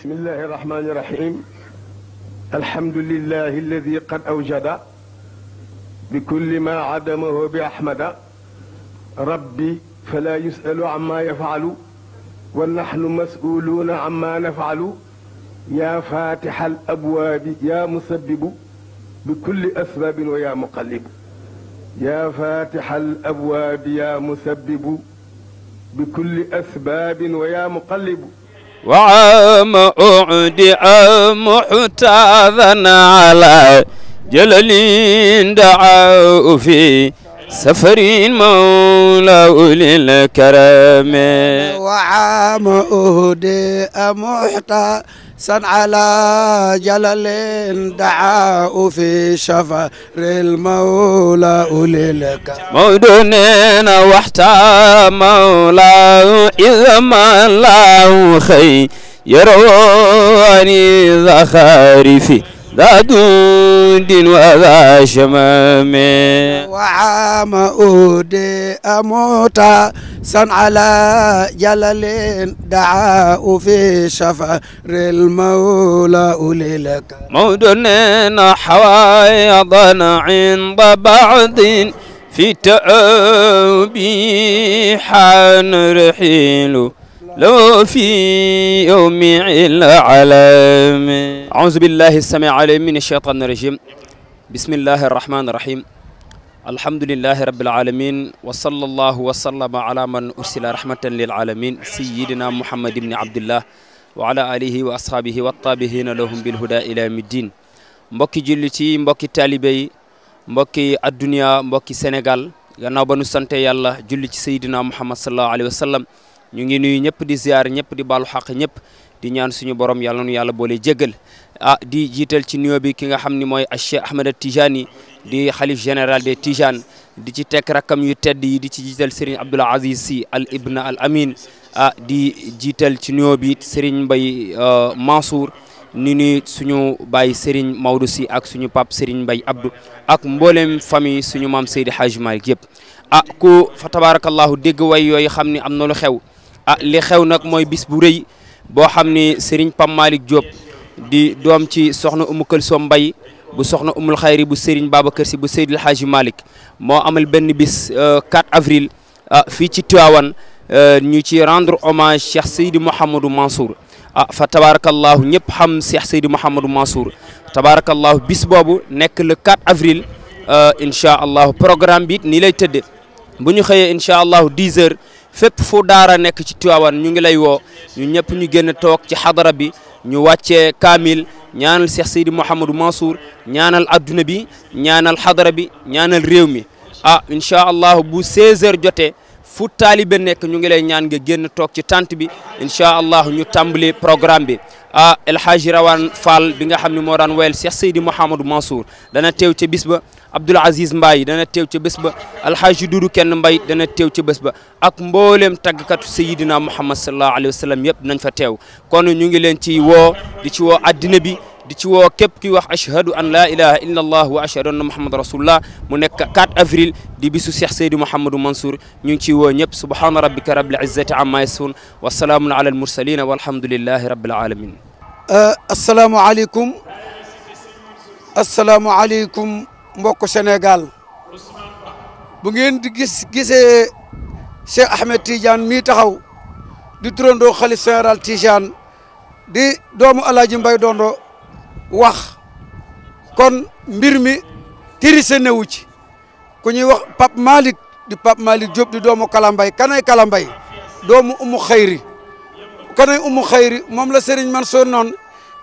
بسم الله الرحمن الرحيم الحمد لله الذي قد أوجد بكل ما عدمه بأحمد ربي فلا يسأل عما يفعل ونحن مسؤولون عما نفعل يا فاتح الأبواب يا مسبب بكل أسباب ويا مقلب يا فاتح الأبواب يا مسبب بكل أسباب ويا مقلب وعام أعدي محتاذا على جلل دعاه في سفر مولى للكرم وعام أهدي محتاذا san ala jalalin daa fi shafaril mawla ulilka mawdu neena waxta mawla izama laahu xëy yarawani za xarifi ذا دود وذا شمام وعام أودي أموتا san ala jalalin daa u fi shafaril mawla ulilaka mawdunin xawaayadan inda baadin fi taabihan raxilu لو في يوم العالم أعوذ بالله السميع العليم من الشيطان الرجيم بسم الله الرحمن الرحيم alhamdulillahi rabbil alamin wa sallallahu wa sallama ala man ursila rahmatan lil alamin sayidina muhammad ibni abdillah wa ala alihi wa ashaabihi wa taabihina lahum bil huda ila yawmi din mbokki jullit yi mbokki taalibe yi mbokki adduniya mbokki sénégal gannaaw ba nu sante yàlla julli ci sayidina muhammad sallallahu alayhi wa sallam ñu ngi nuyu ñëpp di ziar ñëpp di baalu xaq ñëpp di ñaan suñu borom yàlla nu yàlla boole jéggal ah di jiital ci nuyoo bi ki nga xam ni mooy Cheikh Ahmed Tijani di xalif général des Tijanes di ci tekk rakkam yu tedd yi di ci jiital Serigne Abdoul Aziz si al ibna al amin ah di jiital ci nuyoo bi mbay Mbaye euh, Mansour ni ni suñu baay Serigne Maodo si ak suñu pap Serigne Mbaye Abdou ak mboolem famille suñu mam Seydi Hadji Malick yëpp ah ku fa tabarakallahu dégg way yooyu xam ni am na lu xew ah li xew nag mooy bis bu rëy boo xam ni Serigne Pam Malick Diop di doom ci soxna Umu Këlsoom Mbay bu soxna umul xayri bu Serigne Babacar Sy bu Seydil Hadji malik moo amal benn bis 4 euh, avril ah fii ci Tivaouane euh, ñu ci rendre hommage Cheikh Seydi Mouhamadou Mansour ah fa tabarakallahu ñëpp xam Cheikh Seydi Mouhamadou Mansour tabarakallahu bis boobu nekk le 4 avril incha allahu programme bi nii lay tëddee bu ñu xëyee incha allahu 10 heures fépp fu daara nekk ci Tivaouane ñu ngi lay woo ñu ñëpp ñu génn toog ci xadara bi ñu wàccee kaamil ñaanal Cheikh Seydi Mouhamadou Mansour ñaanal adduna bi ñaanal xadara bi ñaanal réew mi ah incha allahu bu 16h jotee fu taalibe nekk ñu ngi lay ñaan nga génn toog ci tànt bi incha allahu ñu tàmbali programme bi ah El Hadji Rawane Fall bi nga xam ne moo daan woyal Cheikh Seydi Mouhamadou Mansour dana teew ca bis ba Abdoul Aziz Mbaye dana teew ca bés ba El Hadji Doudou Kenn Mbaye dana teew ca bés ba ak mbooleem tàggkatu Seydina Mouhamed sallallahu alayhi wa sallam yëpp nañ fa teew kon ñu ngi ci woo di ci woo addina bi di ci woo képp kuy wax ashhadu an laa ilaha illa allah wa ashhadu anna muhammad rasulullah mu nekk 4 avril di bisu Cheikh Seydi Mouhamadou Mansour ñu ngi ciy woo ñëpp subhaana rabbika rabbil izzati amma yasifun wa salaamun ala al mursalina walhamdulillahi rabbil alamin uh, asalaamualeykum asalaamualeykum mbokk Sénégal bu ngeen di gis gisee Cheikh Ahmed Tidiane mii taxaw di turandoo xalif général Tidiane di doomu Alaaji Mbay Dondo wax kon mbir mi tirise newu ci ku ñuy wax Pape Malick di Pape Malick Diop di doomu Kalambay kanay Kalambay doomu umu xayri kanay umu xayri moom la Serigne Mansour noon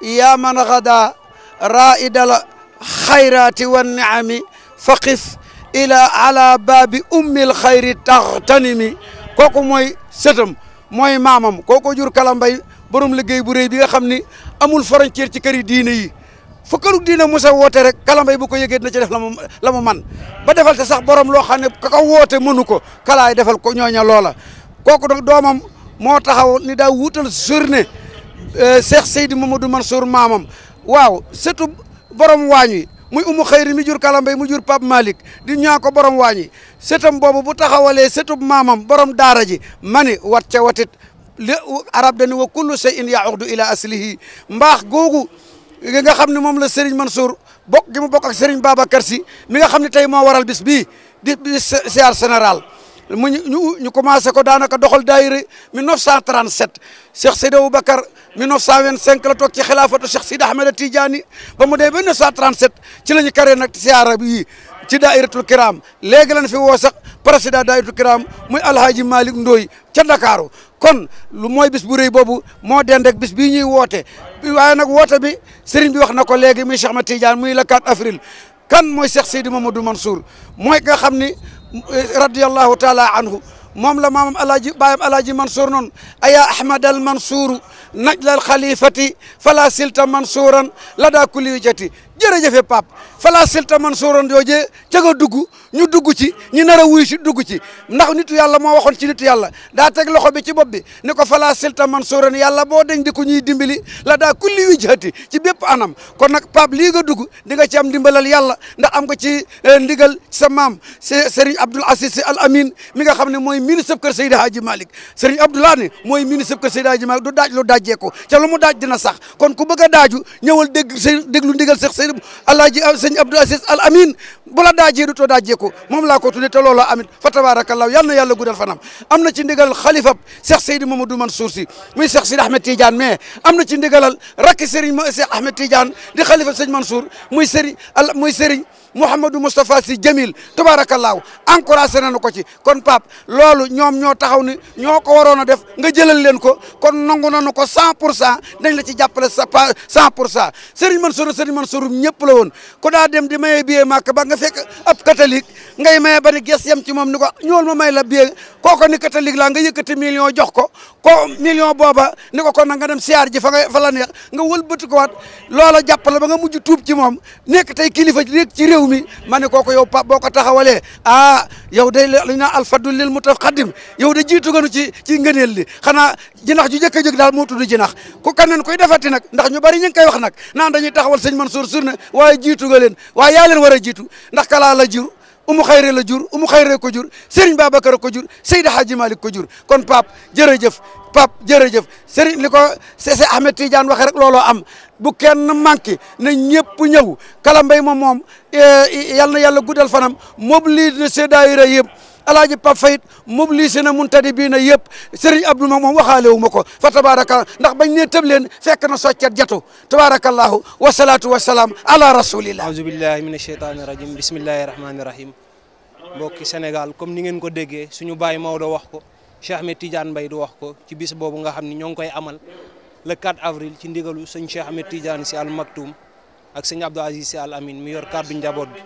yaa man xada raidala xayraati wa niami faqif ila ala baabi ummil xayri tax tanimi kooku mooy sëtam mooy maamam kooku jur Kalambay borom liggéey bu rëy bi nga xam ni amul frontière ci kër yi diine yi fukkalu diine Moussa woote rek kalambay bu ko yëgee dina ci def la mu la man ba defal sa sax borom loo xam ne ka ko woote mënu ko kalaay defal ko ñooña loola kooku nag doomam moo taxaw ni daa wuutal journée euh, Cheikh Seydi man Mansour maamam waaw surtout borom waañ wi muy umu xëyri mi jur kalambay mu jur Pape Malick di ñaa ko borom waañ wi sëtam boobu bu taxawalee sëtub maamam borom daara ji mani wat ca watit li arab dañu wa kullu shay'in ya'udu ila aslihi mbaax googu nga xam ne moom la Serigne Mansour bokk gi mu bokk ak Serigne Babacar Sy mi nga xam ne tey moo waral bis bii di di siyaar général mu ñu ñu commencé ko daanaka doxal daayira 1937 Cheikh Seydi Aboubacar 1925 la toog ci xilaafatu Cheikh Sidi Ahmed Tidiane ba mu dee ba 1937 ci la ñu karee nag siyaara bi ci daayiratul kiram léegi lañ fi woo sax président daayiratul kiram muy Alhaji Malick Ndoye ca Ndakaaru kon lu mooy bis bu rëy boobu moo dend ak bis bii ñuy woote waaye nag woote bi sëriñ bi wax na ko léegi muy Cheikh Ahmed Tidiane muy le 4 avril kan mooy Cheikh Seydi Mamadou Mansour mooy nga xam ni eh, radiyallahu taala anhu moom la maamam alaaji baayam alaaji Mansour noonu ayaa Ahmad al Mansour najla al xalifati fala silta Mansuran la jërëjëfe pap fala silta man sóoroon joojee ca nga dugg ñu dugg ci ñu nar a wuy si dugg ci ndax nitu yàlla moo waxoon ci nitu yàlla daa teg loxo bi ci bopp bi ne ko fala silta man sóoroon yàlla boo dañ di ko ñuy dimbali la daa kulli wijhati ci bépp anam kon nag pap lii nga dugg di nga ci am dimbalal yàlla ndax am ga ci eh, ndigal sa maam Serigne Abdoul Aziz Sy Al Amine mi nga xam ne mooy ministre kër Seydi Hadji Malick Serigne Abdoulaye ne mooy ministre kër Seydi Hadji du daaj lu daajee ko ca lu mu daaj dina sax kon ku bëgg a daaju ñëwal déglu ndigal sax Seydou Alaaji euh, sëñ Abdou Aziz Al Amin bu la daajee du too jee ko moom laa ko tuddee te loola amit fa tabaarakallaahu yal na yàlla guddal fanam am na ci ndigal xalifab Cheikh Seydou Mamadou Mansour si muy Cheikh Sidi Ahmed Tidiane mais am na ci ndigalal rakki Serigne ma Cheikh Ahmed Tidiane di xalifab sëñ Mansour muy Serigne al muy Serigne Mouhamadou Moustapha Sy Jamil tabaarakallaahu encouragé nañu ko ci kon Pape loolu ñoom ñoo taxaw ni ñoo ko waroon a def nga jëlal leen ko kon nangu nañu ko cent pour cent dañ la ci jàppale sa pa cent pour cent Serigne Mansour Serigne Mansour ñëpp la woon ko daa dem di maye billet màkk ba nga fekk ab catholique ngay maye ba ni ges yam ci moom ni ko ñool ma may la billet kooko ni catholique la nga yëkkati million jox ko ko million booba ni ko kon nag nga dem siyaar ji fa nga fa la neex nga wëlbati ko waat loola jàppale ba nga mujj tuub ci moom nekk tey kilifa nekk ci réew mi ma ne ko yow pa boo ko taxawalee ah yow day lu ñu naan alfadul lil mutaqaddim yow de jiitu nga nu ci ci ngëneel li xanaa jinax ju jëkk a jóg daal moo tudd jinax ku kanen koy defati nag ndax ñu bari ñu ngi koy wax nag naan dañuy taxawal man Mansour Surne waaye jiitu nga leen waaye yaa leen war a jiitu ndax kalaa la jiru umu xayre la jur umu xayre ko jur Serigne Babacar ko jur Seydi Hadji Malick ko jur kon Pape jërëjëf Pape jërëjëf Serigne li ko Sese Ahmed Tidiane waxee rek looloo am bu kenn manqué na ñëpp ñëw kala mbay ma moom eh, yal na yàlla guddal fanam mobilise na ses daayira yëpp alaaji Pape Faye mobilisé na muntadi bii na yëpp Serigne Abdou moom moom waxaale wu ma ko fa tabaaraka ndax bañ ne tëb leen fekk na soccet jatu tabaarakallaahu wasalaatu wasalaam ala rasulillah aouzu billahi min asheytaani rajim bismillahi rahmaani rahim mbokki Sénégal comme ni ngeen ko déggee suñu baay Maodo wax ko Cheikh Ahmed Tidiane Mbaye di wax ko ci bis boobu nga xam ni ñoo ngi koy amal le 4 avril ci ndigalu sëñ Cheikh Ahmed Tidiane si al Maktoum ak sëñ Abdou Aziz si al Amin mi yor kàddu njaboot bi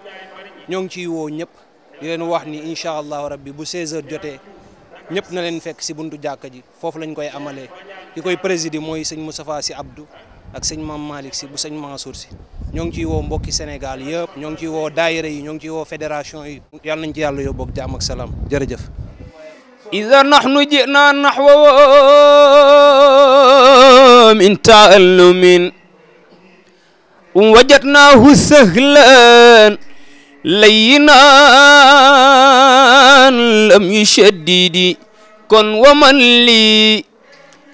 ñoo ngi ciy woo ñëpp di leen wax ni incha allahu rabbi bu 16h jotee na leen fekk si buntu jàkka ji foofu lañ koy amalee ki koy présider mooy sëñ Moustapha Sy Abdou ak sëñ Mame Malick Sy bu sëñ Mansour si ñoo ngi ciy woo mbokki Sénégal yëpp ñoo ngi ciy woo daayira yi ñoo ngi ciy woo fédération yi yàlla nañ ci yàlla yóbbu ak jàmm ak salaam jërëjëf ida nahnu jina nahwa min taallumin wajadnahu لينا لم يشدد كن ومن لي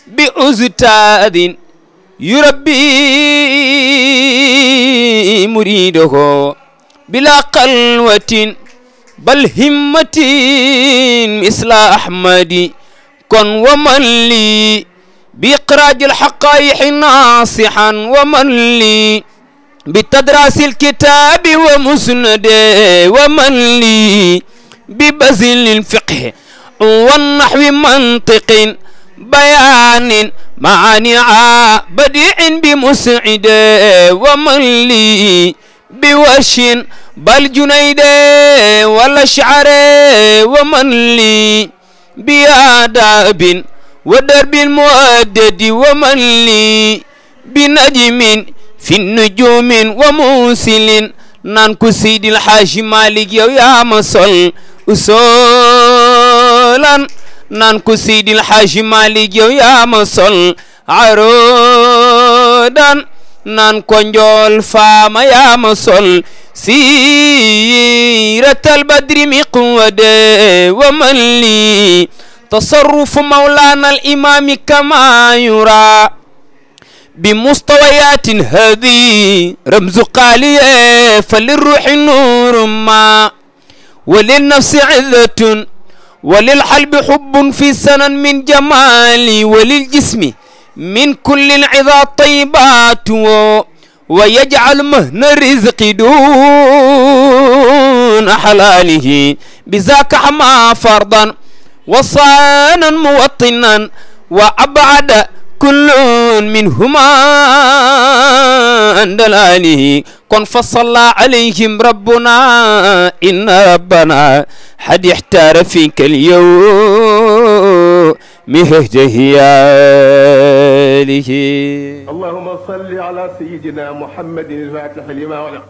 بأزتاد يربي مريده بلا قلوة بل همة مثل أحمد كن ومن لي بإقراج الحقائق ناصحا ومن لي بتدرس الكتاب ومسند ومن لي ببذل الفقه والنحو منطق بيان معنى بديع بمسعد ومن لي بوش بل جنيد والأشعر ومن لي بآداب ودرب المؤدد ومن لي بنجم fi nujumin wa musilin naan ko Seydil Haaji Malik yow yaa ma sol usolan naan ko Seydil Haaji Malik yow yaa ma sol arodan naan ko njool faama yaa ma sol siiratal badri mi quwade wa man li tasarrufu mawlaana al imaami kama yura بمستويات هذه رمز قالية فللروح نور ما وللنفس عزة وللحلب حب في سنن من جمال وللجسم من كل العظى طيبات ويجعل مهن الرزق دون حلاله بذاك حما فرضا وصانا موطنا وأبعد kull minhuma andal ali kon fa salla alayhim rabbuna inna rabbana xad ixtaara fika alyow mi hëjahiyalihi allahuma salli ala sayidina muhammadin alfatix lima wala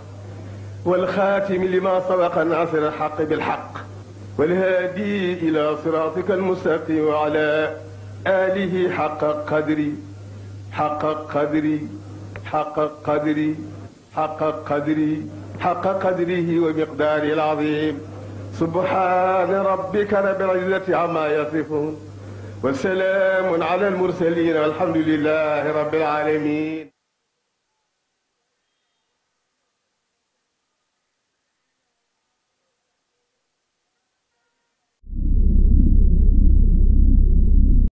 والخاتم لما سبق ناصر الحق بالحق والهادي إلى صراطك المستقيم وعلى آله حق قدري حق قدري حق قدري حق قدري حق قدره ومقداره العظيم سبحان ربك رب العزة عما يصفون وسلام على المرسلين والحمد لله رب العالمين